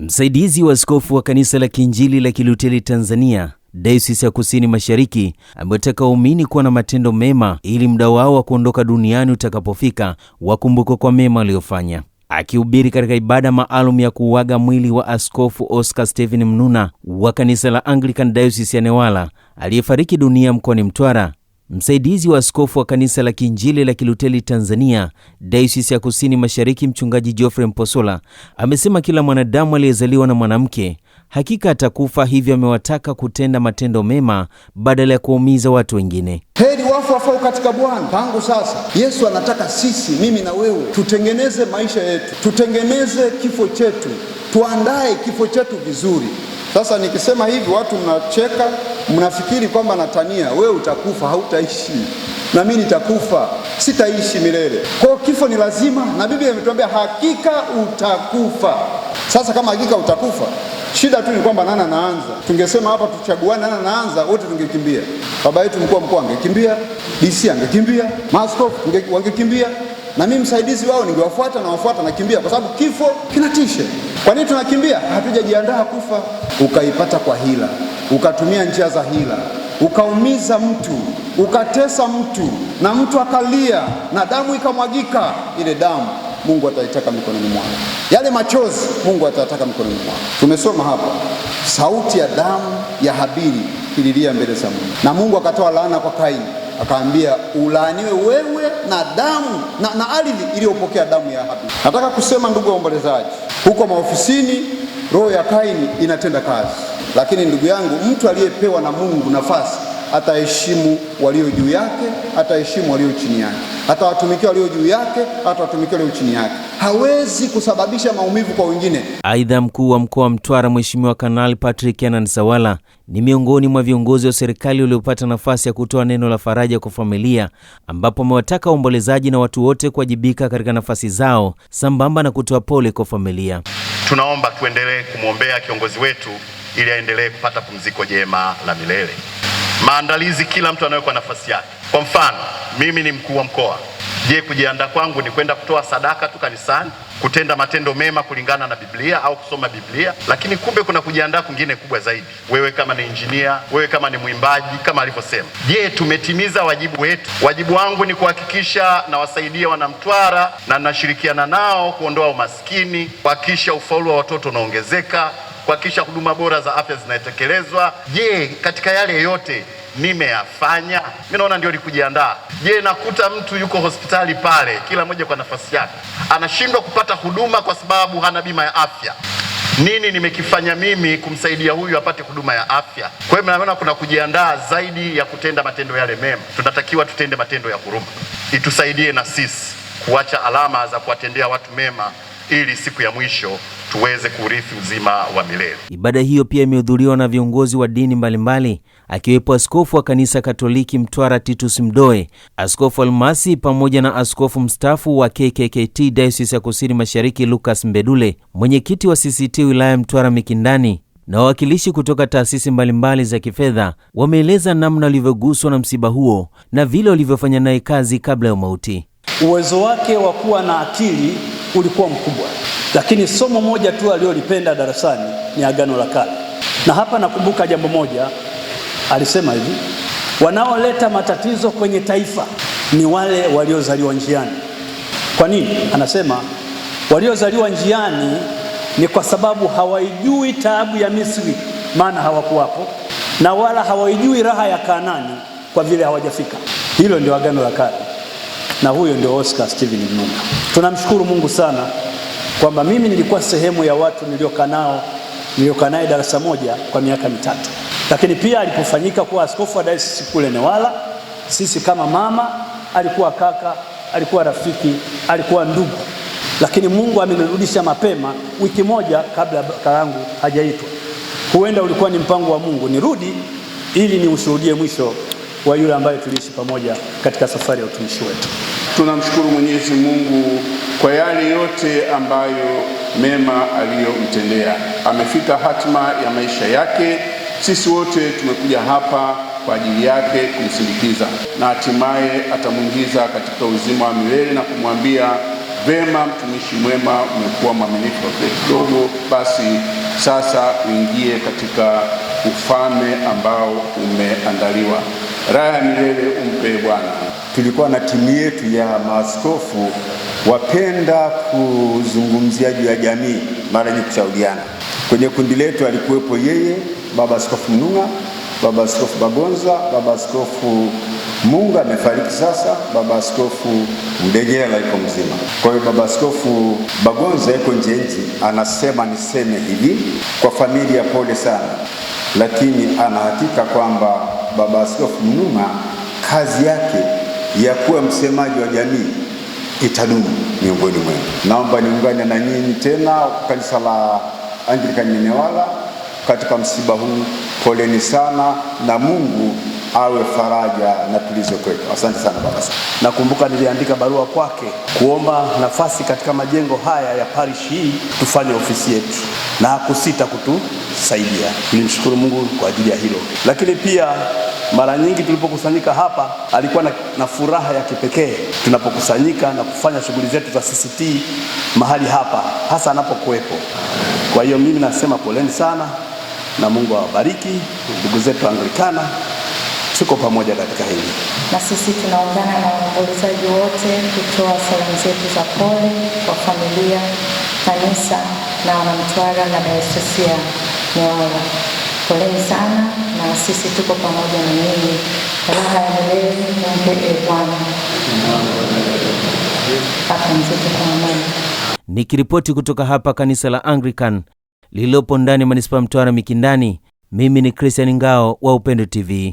Msaidizi wa askofu wa kanisa la Kiinjili la Kiluteli Tanzania Dayosisi ya Kusini Mashariki amewataka waumini kuwa na matendo mema ili muda wao wa kuondoka duniani utakapofika wakumbukwe kwa mema waliofanya. Akihubiri katika ibada maalum ya kuuaga mwili wa Askofu Oscar Stephen Mnuna wa kanisa la Anglican Dayosisi ya Newala aliyefariki dunia mkoani Mtwara, Msaidizi wa askofu wa kanisa la Kiinjili la Kiluteli Tanzania, Dayosisi ya Kusini Mashariki, Mchungaji Geoffrey Mposola amesema kila mwanadamu aliyezaliwa na mwanamke hakika atakufa, hivyo amewataka kutenda matendo mema badala ya kuwaumiza watu wengine. Heri wafu wafao katika Bwana. Tangu sasa, Yesu anataka sisi, mimi na wewe, tutengeneze maisha yetu, tutengeneze kifo chetu, tuandae kifo chetu vizuri. Sasa nikisema hivi watu mnacheka mnafikiri kwamba natania, wewe utakufa, hautaishi na mimi nitakufa, sitaishi milele. Kwa kifo ni lazima, na Biblia imetuambia hakika utakufa. Sasa kama hakika utakufa, shida tu ni kwamba nani anaanza. Tungesema hapa tuchaguane, nani anaanza, wote tungekimbia. Baba yetu mkuu wa mkoa angekimbia, DC angekimbia, maaskofu wangekimbia, na mimi msaidizi wao ningewafuata na wafuata, nakimbia kwa sababu kifo kinatisha. Kwa nini tunakimbia? Hatujajiandaa kufa. Ukaipata kwa hila ukatumia njia za hila, ukaumiza mtu, ukatesa mtu, na mtu akalia na damu ikamwagika, ile damu Mungu ataitaka mikononi mwako, yale machozi Mungu atayataka mikononi mwako. Tumesoma hapa sauti ya damu ya Habili ililia mbele za Mungu, na Mungu akatoa laana kwa Kaini, akaambia ulaaniwe wewe na damu na, na ardhi iliyopokea damu ya Habili. Nataka kusema ndugu waombolezaji, huko maofisini roho ya Kaini inatenda kazi. Lakini ndugu yangu, mtu aliyepewa na Mungu nafasi ataheshimu walio juu yake, ataheshimu walio chini yake, atawatumikia walio juu yake, atawatumikia walio chini yake. Hawezi kusababisha maumivu kwa wengine. Aidha, mkuu wa mkoa wa Mtwara Mheshimiwa Kanali Patrick Kenan Sawala ni miongoni mwa viongozi wa serikali waliopata nafasi ya kutoa neno la faraja kwa familia, ambapo amewataka waombolezaji na watu wote kuwajibika katika nafasi zao, sambamba na kutoa pole kwa familia. Tunaomba tuendelee kumwombea kiongozi wetu ili aendelee kupata pumziko jema la milele. Maandalizi, kila mtu anawekwa nafasi yake. Kwa mfano, mimi ni mkuu wa mkoa. Je, kujiandaa kwangu ni kwenda kutoa sadaka tu kanisani, kutenda matendo mema kulingana na Biblia au kusoma Biblia? Lakini kumbe kuna kujiandaa kwingine kubwa zaidi. Wewe kama ni injinia, wewe kama ni mwimbaji, kama alivyosema, je, tumetimiza wajibu wetu? Wajibu wangu ni kuhakikisha nawasaidia Wanamtwara na nashirikiana nao kuondoa umaskini, kuhakikisha ufaulu wa watoto unaongezeka kuhakikisha huduma bora za afya zinatekelezwa. Je, katika yale yote nimeyafanya? Mi naona ndio likujiandaa. kujiandaa. Je, nakuta mtu yuko hospitali pale, kila mmoja kwa nafasi yake, anashindwa kupata huduma kwa sababu hana bima ya afya nini nimekifanya mimi kumsaidia huyu apate huduma ya afya? Kwa hiyo naona kuna kujiandaa zaidi ya kutenda matendo yale mema. Tunatakiwa tutende matendo ya huruma, itusaidie na sisi kuacha alama za kuwatendea watu mema ili siku ya mwisho tuweze kurithi uzima wa milele. Ibada hiyo pia imehudhuriwa na viongozi wa dini mbalimbali akiwepo askofu wa kanisa Katoliki Mtwara Titus Mdoe, askofu Almasi pamoja na askofu mstaafu wa KKKT Dayosisi ya Kusini Mashariki Lucas Mbedule, mwenyekiti wa CCT wilaya Mtwara Mikindani na wawakilishi kutoka taasisi mbalimbali za kifedha wameeleza namna walivyoguswa na msiba huo na vile walivyofanya naye kazi kabla ya mauti. Uwezo wake wa kuwa na akili ulikuwa mkubwa, lakini somo moja tu aliyolipenda darasani ni Agano la Kale. Na hapa nakumbuka jambo moja alisema hivi, wanaoleta matatizo kwenye taifa ni wale waliozaliwa njiani. Kwa nini? Anasema waliozaliwa njiani ni kwa sababu hawaijui taabu ya Misri, maana hawakuwapo, na wala hawaijui raha ya Kanaani, kwa vile hawajafika. Hilo ndio Agano la Kale na huyo ndio Oscar Steven Mnunda. Tunamshukuru Mungu sana kwamba mimi nilikuwa sehemu ya watu niliokaa nao niliokaa naye darasa moja kwa miaka mitatu, lakini pia alipofanyika kuwa askofu wa dayosisi kule Newala, sisi kama mama, alikuwa kaka, alikuwa rafiki, alikuwa ndugu, lakini Mungu amenirudisha mapema, wiki moja kabla kaka yangu hajaitwa. Huenda ulikuwa ni mpango wa Mungu nirudi ili niushuhudie mwisho wa yule ambaye tuliishi pamoja katika safari ya utumishi wetu. Tunamshukuru Mwenyezi Mungu kwa yale yote ambayo mema aliyomtendea. Amefika hatima ya maisha yake, sisi wote tumekuja hapa kwa ajili yake kumsindikiza, na hatimaye atamwingiza katika uzima wa milele na kumwambia Vema, mtumishi mwema, umekuwa mwaminifu kwa kidogo, basi sasa uingie katika ufalme ambao umeandaliwa raha ya milele umpe Bwana. Tulikuwa na timu yetu ya maaskofu wapenda kuzungumzia juu ya jamii, mara nyingi kushauriana. Kwenye kundi letu alikuwepo yeye baba askofu Mnung'a, baba askofu Bagonza, baba askofu Munga amefariki sasa, baba askofu Mdegela yuko mzima. Kwa hiyo baba askofu Bagonza yuko nje nchi, anasema niseme hivi kwa familia, pole sana, lakini anahakika kwamba baba Askofu Mnuma, kazi yake ya kuwa msemaji wa jamii itadumu miongoni mwenu. Naomba niungane na nyinyi tena kanisa la Anglikana Nyenewala katika msiba huu. Poleni sana na Mungu awe faraja na tulizo kwetu. Asante sana baba. Nakumbuka niliandika barua kwake kuomba nafasi katika majengo haya ya parish hii tufanye ofisi yetu, na hakusita kutu kutusaidia. Nimshukuru Mungu kwa ajili ya hilo, lakini pia mara nyingi tulipokusanyika hapa alikuwa na, na furaha ya kipekee tunapokusanyika na kufanya shughuli zetu za CCT mahali hapa, hasa anapokuwepo. Kwa hiyo mimi nasema poleni sana na Mungu awabariki ndugu zetu Anglikana, tuko pamoja katika hili, na sisi tunaungana na waombolezaji wote kutoa salamu zetu za pole kwa familia, kanisa na wanamtwara na dayosisi Moyo. Poleni sana na sisi tuko pamoja na nyinyi. Raha ya milele Mungu Bwana. Pumzike kwa amani. Nikiripoti kutoka hapa kanisa la Anglican lililopo ndani ya manispaa Mtwara Mikindani, mimi ni Christian Ngao wa Upendo TV.